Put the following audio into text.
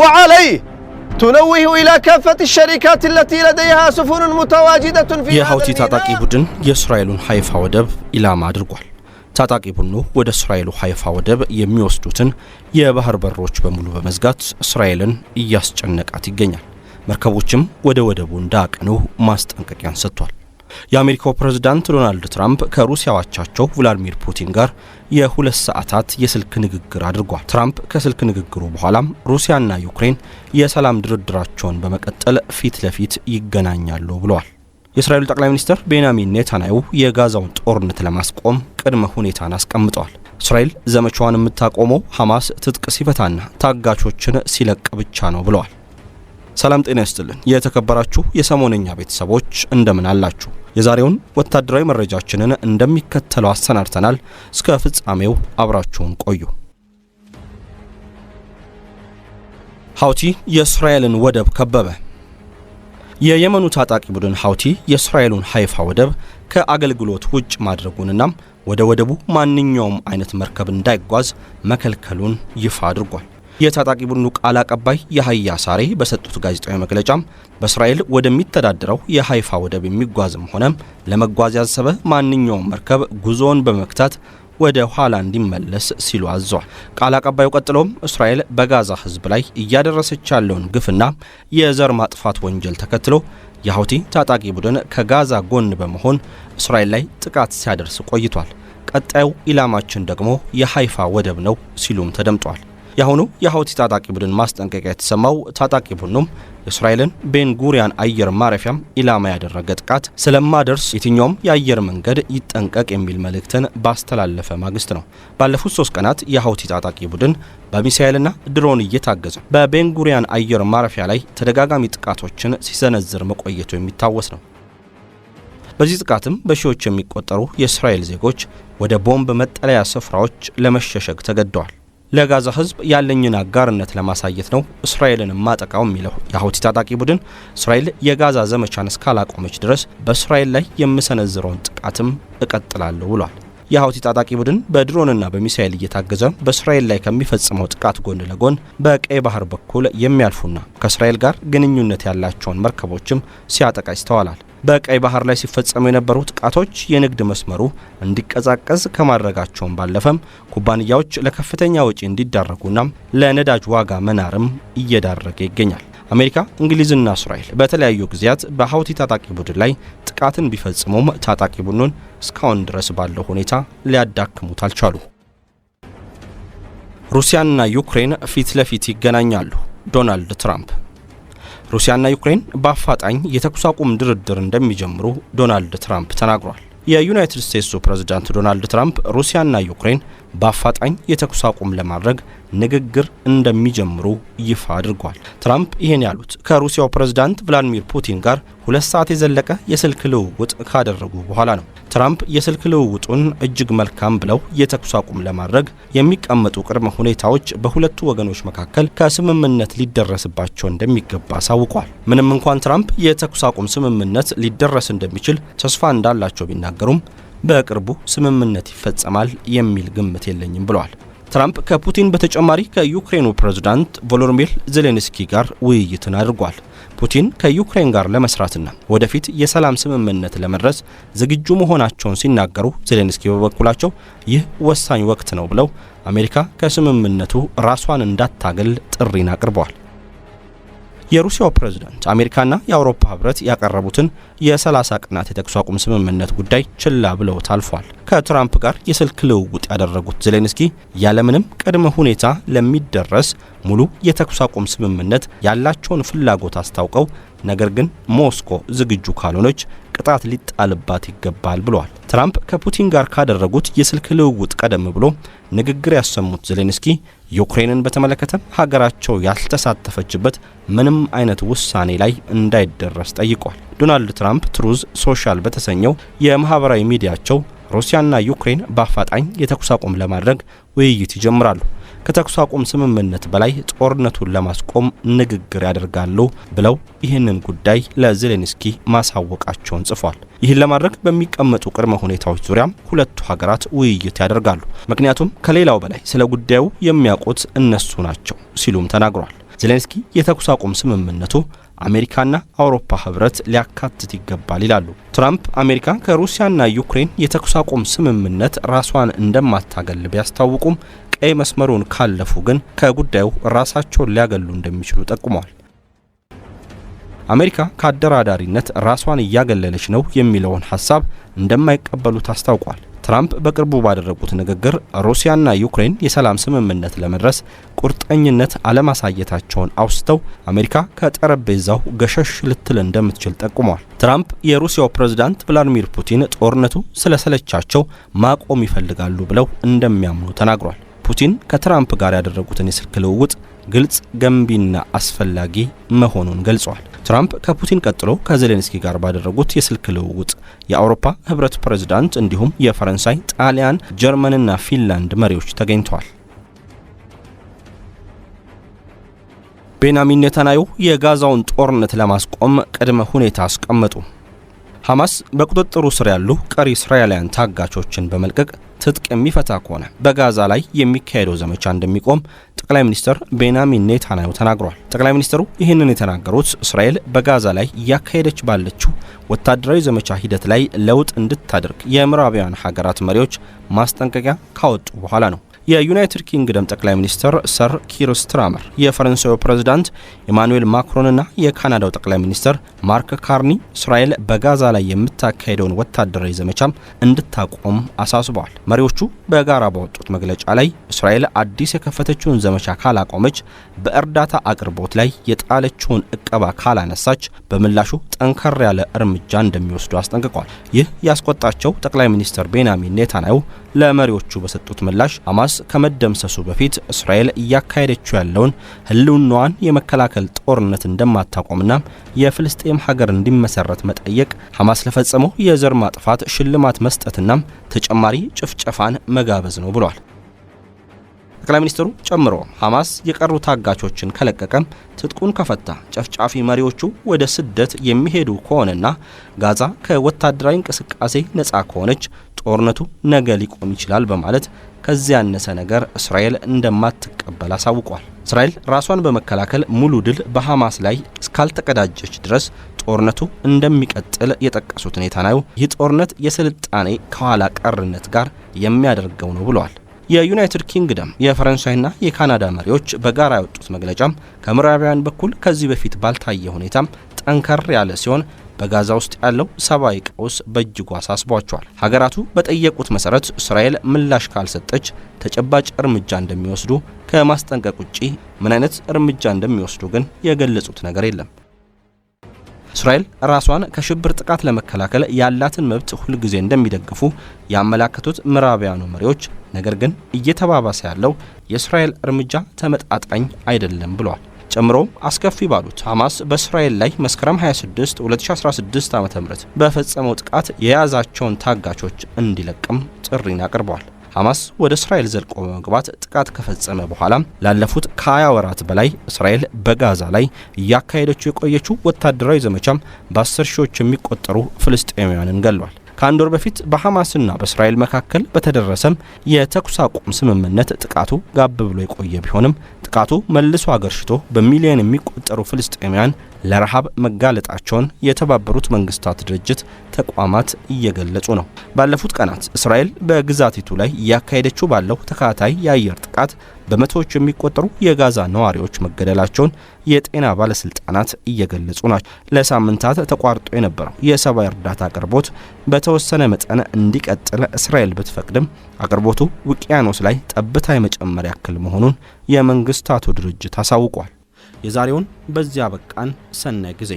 وعليه ቱነውሁ ኢላ ካፈት ሸሪካት ለቲ ለደይሃ ስፉኑን ሙተዋጅደቱን ፊ የሀውቲ ታጣቂ ቡድን የእስራኤሉን ሀይፋ ወደብ ኢላማ አድርጓል። ታጣቂ ቡድኑ ወደ እስራኤሉ ሀይፋ ወደብ የሚወስዱትን የባህር በሮች በሙሉ በመዝጋት እስራኤልን እያስጨነቃት ይገኛል። መርከቦችም ወደ ወደቡ እንዳያቀኑ ማስጠንቀቂያን ሰጥቷል። የአሜሪካው ፕሬዝዳንት ዶናልድ ትራምፕ ከሩሲያ አቻቸው ቭላዲሚር ፑቲን ጋር የሁለት ሰዓታት የስልክ ንግግር አድርጓል። ትራምፕ ከስልክ ንግግሩ በኋላም ሩሲያና ዩክሬን የሰላም ድርድራቸውን በመቀጠል ፊት ለፊት ይገናኛሉ ብለዋል። የእስራኤሉ ጠቅላይ ሚኒስትር ቤንያሚን ኔታንያሁ የጋዛውን ጦርነት ለማስቆም ቅድመ ሁኔታን አስቀምጠዋል። እስራኤል ዘመቻዋን የምታቆመው ሐማስ ትጥቅ ሲፈታና ታጋቾችን ሲለቅ ብቻ ነው ብለዋል። ሰላም ጤና ይስጥልን። የተከበራችሁ የሰሞነኛ ቤተሰቦች እንደምን አላችሁ? የዛሬውን ወታደራዊ መረጃችንን እንደሚከተለው አሰናድተናል። እስከ ፍጻሜው አብራችሁን ቆዩ። ሀውቲ የእስራኤልን ወደብ ከበበ። የየመኑ ታጣቂ ቡድን ሀውቲ የእስራኤሉን ሀይፋ ወደብ ከአገልግሎት ውጭ ማድረጉንና ወደ ወደቡ ማንኛውም አይነት መርከብ እንዳይጓዝ መከልከሉን ይፋ አድርጓል። የታጣቂ ቡድኑ ቃል አቀባይ የሀያ ሳሬ በሰጡት ጋዜጣዊ መግለጫም በእስራኤል ወደሚተዳደረው የሀይፋ ወደብ የሚጓዝም ሆነ ለመጓዝ ያሰበ ማንኛውም መርከብ ጉዞውን በመግታት ወደ ኋላ እንዲመለስ ሲሉ አዟል። ቃል አቀባዩ ቀጥሎም እስራኤል በጋዛ ሕዝብ ላይ እያደረሰች ያለውን ግፍና የዘር ማጥፋት ወንጀል ተከትሎ የሀውቲ ታጣቂ ቡድን ከጋዛ ጎን በመሆን እስራኤል ላይ ጥቃት ሲያደርስ ቆይቷል። ቀጣዩ ኢላማችን ደግሞ የሀይፋ ወደብ ነው ሲሉም ተደምጧል። የአሁኑ የሀውቲ ታጣቂ ቡድን ማስጠንቀቂያ የተሰማው ታጣቂ ቡድኑም የእስራኤልን ቤንጉሪያን አየር ማረፊያም ኢላማ ያደረገ ጥቃት ስለማደርስ የትኛውም የአየር መንገድ ይጠንቀቅ የሚል መልእክትን ባስተላለፈ ማግስት ነው። ባለፉት ሶስት ቀናት የሀውቲ ታጣቂ ቡድን በሚሳኤልና ድሮን እየታገዘ በቤንጉሪያን አየር ማረፊያ ላይ ተደጋጋሚ ጥቃቶችን ሲሰነዝር መቆየቱ የሚታወስ ነው። በዚህ ጥቃትም በሺዎች የሚቆጠሩ የእስራኤል ዜጎች ወደ ቦምብ መጠለያ ስፍራዎች ለመሸሸግ ተገደዋል። ለጋዛ ህዝብ ያለኝን አጋርነት ለማሳየት ነው እስራኤልን ማጠቃው የሚለው የሀውቲ ታጣቂ ቡድን እስራኤል የጋዛ ዘመቻን እስካላቆመች ድረስ በእስራኤል ላይ የምሰነዝረውን ጥቃትም እቀጥላለሁ ብሏል። የሀውቲ ታጣቂ ቡድን በድሮንና በሚሳኤል እየታገዘ በእስራኤል ላይ ከሚፈጽመው ጥቃት ጎን ለጎን በቀይ ባህር በኩል የሚያልፉና ከእስራኤል ጋር ግንኙነት ያላቸውን መርከቦችም ሲያጠቃ ይስተዋላል። በቀይ ባህር ላይ ሲፈጸሙ የነበሩ ጥቃቶች የንግድ መስመሩ እንዲቀዛቀዝ ከማድረጋቸውም ባለፈም ኩባንያዎች ለከፍተኛ ወጪ እንዲዳረጉና ለነዳጅ ዋጋ መናርም እየዳረገ ይገኛል። አሜሪካ፣ እንግሊዝና እስራኤል በተለያዩ ጊዜያት በሀውቲ ታጣቂ ቡድን ላይ ጥቃትን ቢፈጽሙም ታጣቂ ቡድኑን እስካሁን ድረስ ባለው ሁኔታ ሊያዳክሙት አልቻሉ። ሩሲያና ዩክሬን ፊት ለፊት ይገናኛሉ። ዶናልድ ትራምፕ ሩሲያና ዩክሬን በአፋጣኝ የተኩስ አቁም ድርድር እንደሚጀምሩ ዶናልድ ትራምፕ ተናግሯል። የዩናይትድ ስቴትሱ ፕሬዝዳንት ዶናልድ ትራምፕ ሩሲያና ዩክሬን በአፋጣኝ የተኩስ አቁም ለማድረግ ንግግር እንደሚጀምሩ ይፋ አድርጓል። ትራምፕ ይህን ያሉት ከሩሲያው ፕሬዝዳንት ቭላዲሚር ፑቲን ጋር ሁለት ሰዓት የዘለቀ የስልክ ልውውጥ ካደረጉ በኋላ ነው። ትራምፕ የስልክ ልውውጡን እጅግ መልካም ብለው የተኩስ አቁም ለማድረግ የሚቀመጡ ቅድመ ሁኔታዎች በሁለቱ ወገኖች መካከል ከስምምነት ሊደረስባቸው እንደሚገባ አሳውቋል። ምንም እንኳን ትራምፕ የተኩስ አቁም ስምምነት ሊደረስ እንደሚችል ተስፋ እንዳላቸው ቢናገሩም በቅርቡ ስምምነት ይፈጸማል የሚል ግምት የለኝም ብለዋል። ትራምፕ ከፑቲን በተጨማሪ ከዩክሬኑ ፕሬዝዳንት ቮሎዲሚር ዜሌንስኪ ጋር ውይይትን አድርጓል። ፑቲን ከዩክሬን ጋር ለመስራትና ወደፊት የሰላም ስምምነት ለመድረስ ዝግጁ መሆናቸውን ሲናገሩ፣ ዜሌንስኪ በበኩላቸው ይህ ወሳኝ ወቅት ነው ብለው አሜሪካ ከስምምነቱ ራሷን እንዳታገል ጥሪን አቅርበዋል። የሩሲያው ፕሬዝዳንት አሜሪካና የአውሮፓ ህብረት ያቀረቡትን የ30 ቀናት የተኩስ አቁም ስምምነት ጉዳይ ችላ ብለው ታልፏል። ከትራምፕ ጋር የስልክ ልውውጥ ያደረጉት ዜሌንስኪ ያለምንም ቅድመ ሁኔታ ለሚደረስ ሙሉ የተኩስ አቁም ስምምነት ያላቸውን ፍላጎት አስታውቀው ነገር ግን ሞስኮ ዝግጁ ካልሆነች ቅጣት ሊጣልባት ይገባል ብለዋል። ትራምፕ ከፑቲን ጋር ካደረጉት የስልክ ልውውጥ ቀደም ብሎ ንግግር ያሰሙት ዜሌንስኪ ዩክሬንን በተመለከተ ሀገራቸው ያልተሳተፈችበት ምንም አይነት ውሳኔ ላይ እንዳይደረስ ጠይቋል። ዶናልድ ትራምፕ ትሩዝ ሶሻል በተሰኘው የማህበራዊ ሚዲያቸው ሩሲያና ዩክሬን በአፋጣኝ የተኩስ አቁም ለማድረግ ውይይት ይጀምራሉ። ከተኩስ አቁም ስምምነት በላይ ጦርነቱን ለማስቆም ንግግር ያደርጋሉ ብለው ይህንን ጉዳይ ለዜሌንስኪ ማሳወቃቸውን ጽፏል። ይህን ለማድረግ በሚቀመጡ ቅድመ ሁኔታዎች ዙሪያም ሁለቱ ሀገራት ውይይት ያደርጋሉ፣ ምክንያቱም ከሌላው በላይ ስለ ጉዳዩ የሚያውቁት እነሱ ናቸው ሲሉም ተናግሯል። ዜሌንስኪ የተኩስ አቁም ስምምነቱ አሜሪካና አውሮፓ ህብረት ሊያካትት ይገባል ይላሉ። ትራምፕ አሜሪካ ከሩሲያና ዩክሬን የተኩስ አቁም ስምምነት ራሷን እንደማታገል ቢያስታውቁም ቀይ መስመሩን ካለፉ ግን ከጉዳዩ ራሳቸውን ሊያገሉ እንደሚችሉ ጠቁመዋል። አሜሪካ ከአደራዳሪነት ራሷን እያገለለች ነው የሚለውን ሀሳብ እንደማይቀበሉት አስታውቋል። ትራምፕ በቅርቡ ባደረጉት ንግግር ሩሲያና ዩክሬን የሰላም ስምምነት ለመድረስ ቁርጠኝነት አለማሳየታቸውን አውስተው አሜሪካ ከጠረጴዛው ገሸሽ ልትል እንደምትችል ጠቁመዋል። ትራምፕ የሩሲያው ፕሬዝዳንት ቭላዲሚር ፑቲን ጦርነቱ ስለሰለቻቸው ማቆም ይፈልጋሉ ብለው እንደሚያምኑ ተናግሯል። ፑቲን ከትራምፕ ጋር ያደረጉትን የስልክ ልውውጥ ግልጽ፣ ገንቢና አስፈላጊ መሆኑን ገልጿል። ትራምፕ ከፑቲን ቀጥሎ ከዜሌንስኪ ጋር ባደረጉት የስልክ ልውውጥ የአውሮፓ ህብረት ፕሬዝዳንት እንዲሁም የፈረንሳይ፣ ጣሊያን፣ ጀርመንና ፊንላንድ መሪዎች ተገኝተዋል። ቤንያሚን ኔታንያሁ የጋዛውን ጦርነት ለማስቆም ቅድመ ሁኔታ አስቀመጡ። ሐማስ በቁጥጥሩ ስር ያሉ ቀሪ እስራኤላውያን ታጋቾችን በመልቀቅ ትጥቅ የሚፈታ ከሆነ በጋዛ ላይ የሚካሄደው ዘመቻ እንደሚቆም ጠቅላይ ሚኒስትር ቤንያሚን ኔታንያሁ ተናግረዋል። ጠቅላይ ሚኒስትሩ ይህንን የተናገሩት እስራኤል በጋዛ ላይ እያካሄደች ባለችው ወታደራዊ ዘመቻ ሂደት ላይ ለውጥ እንድታደርግ የምዕራባውያን ሀገራት መሪዎች ማስጠንቀቂያ ካወጡ በኋላ ነው። የዩናይትድ ኪንግደም ጠቅላይ ሚኒስትር ሰር ኪር ስትራመር፣ የፈረንሳዩ ፕሬዝዳንት ኢማኑኤል ማክሮንና የካናዳው ጠቅላይ ሚኒስትር ማርክ ካርኒ እስራኤል በጋዛ ላይ የምታካሄደውን ወታደራዊ ዘመቻም እንድታቆም አሳስበዋል። መሪዎቹ በጋራ ባወጡት መግለጫ ላይ እስራኤል አዲስ የከፈተችውን ዘመቻ ካላቆመች፣ በእርዳታ አቅርቦት ላይ የጣለችውን እቀባ ካላነሳች በምላሹ ጠንከር ያለ እርምጃ እንደሚወስዱ አስጠንቅቀዋል። ይህ ያስቆጣቸው ጠቅላይ ሚኒስትር ቤንያሚን ኔታንያሁ ለመሪዎቹ በሰጡት ምላሽ ሐማስ ከመደምሰሱ በፊት እስራኤል እያካሄደችው ያለውን ህልውናዋን የመከላከል ጦርነት እንደማታቆምና የፍልስጤም ሀገር እንዲመሰረት መጠየቅ ሐማስ ለፈጸመው የዘር ማጥፋት ሽልማት መስጠትና ተጨማሪ ጭፍጨፋን መጋበዝ ነው ብሏል። ጠቅላይ ሚኒስትሩ ጨምሮ ሐማስ የቀሩ ታጋቾችን ከለቀቀም፣ ትጥቁን ከፈታ፣ ጨፍጫፊ መሪዎቹ ወደ ስደት የሚሄዱ ከሆነና ጋዛ ከወታደራዊ እንቅስቃሴ ነጻ ከሆነች ጦርነቱ ነገ ሊቆም ይችላል በማለት ከዚያ ያነሰ ነገር እስራኤል እንደማትቀበል አሳውቋል። እስራኤል ራሷን በመከላከል ሙሉ ድል በሐማስ ላይ እስካልተቀዳጀች ድረስ ጦርነቱ እንደሚቀጥል የጠቀሱት ኔታንያሁ ይህ ጦርነት የስልጣኔ ከኋላ ቀርነት ጋር የሚያደርገው ነው ብለዋል። የዩናይትድ ኪንግደም የፈረንሳይና የካናዳ መሪዎች በጋራ ያወጡት መግለጫም ከምዕራባውያን በኩል ከዚህ በፊት ባልታየ ሁኔታም ጠንከር ያለ ሲሆን በጋዛ ውስጥ ያለው ሰብአዊ ቀውስ በእጅጉ አሳስቧቸዋል። ሀገራቱ በጠየቁት መሰረት እስራኤል ምላሽ ካልሰጠች ተጨባጭ እርምጃ እንደሚወስዱ ከማስጠንቀቅ ውጪ ምን አይነት እርምጃ እንደሚወስዱ ግን የገለጹት ነገር የለም። እስራኤል ራሷን ከሽብር ጥቃት ለመከላከል ያላትን መብት ሁልጊዜ እንደሚደግፉ ያመላከቱት ምዕራባውያኑ መሪዎች፣ ነገር ግን እየተባባሰ ያለው የእስራኤል እርምጃ ተመጣጣኝ አይደለም ብለዋል። ጨምሮም አስከፊ ባሉት ሐማስ በእስራኤል ላይ መስከረም 26 2016 ዓ.ም በፈጸመው ጥቃት የያዛቸውን ታጋቾች እንዲለቅም ጥሪን አቅርበዋል። ሐማስ ወደ እስራኤል ዘልቆ በመግባት ጥቃት ከፈጸመ በኋላ ላለፉት ከ20 ወራት በላይ እስራኤል በጋዛ ላይ እያካሄደችው የቆየችው ወታደራዊ ዘመቻም በ10 ሺዎች የሚቆጠሩ ፍልስጤማውያንን ገሏል። ከአንድ ወር በፊት በሐማስና በእስራኤል መካከል በተደረሰም የተኩስ አቁም ስምምነት ጥቃቱ ጋብ ብሎ የቆየ ቢሆንም ጥቃቱ መልሶ አገርሽቶ በሚሊዮን የሚቆጠሩ ፍልስጤማውያን ለረሃብ መጋለጣቸውን የተባበሩት መንግስታት ድርጅት ተቋማት እየገለጹ ነው። ባለፉት ቀናት እስራኤል በግዛቲቱ ላይ እያካሄደችው ባለው ተከታታይ የአየር ጥቃት በመቶዎች የሚቆጠሩ የጋዛ ነዋሪዎች መገደላቸውን የጤና ባለስልጣናት እየገለጹ ናቸው። ለሳምንታት ተቋርጦ የነበረው የሰብአዊ እርዳታ አቅርቦት በተወሰነ መጠን እንዲቀጥል እስራኤል ብትፈቅድም አቅርቦቱ ውቅያኖስ ላይ ጠብታ የመጨመር ያክል መሆኑን የመንግስታቱ ድርጅት አሳውቋል። የዛሬውን በዚያ በቃን። ሰናይ ጊዜ